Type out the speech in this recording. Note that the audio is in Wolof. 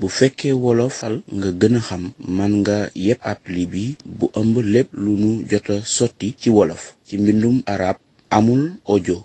bu fekkee wolofal nga gën a xam man nga yépp ab libi bu ëmb lépp lu nu jota sotti ci wolof ci mbindum arab amul ojo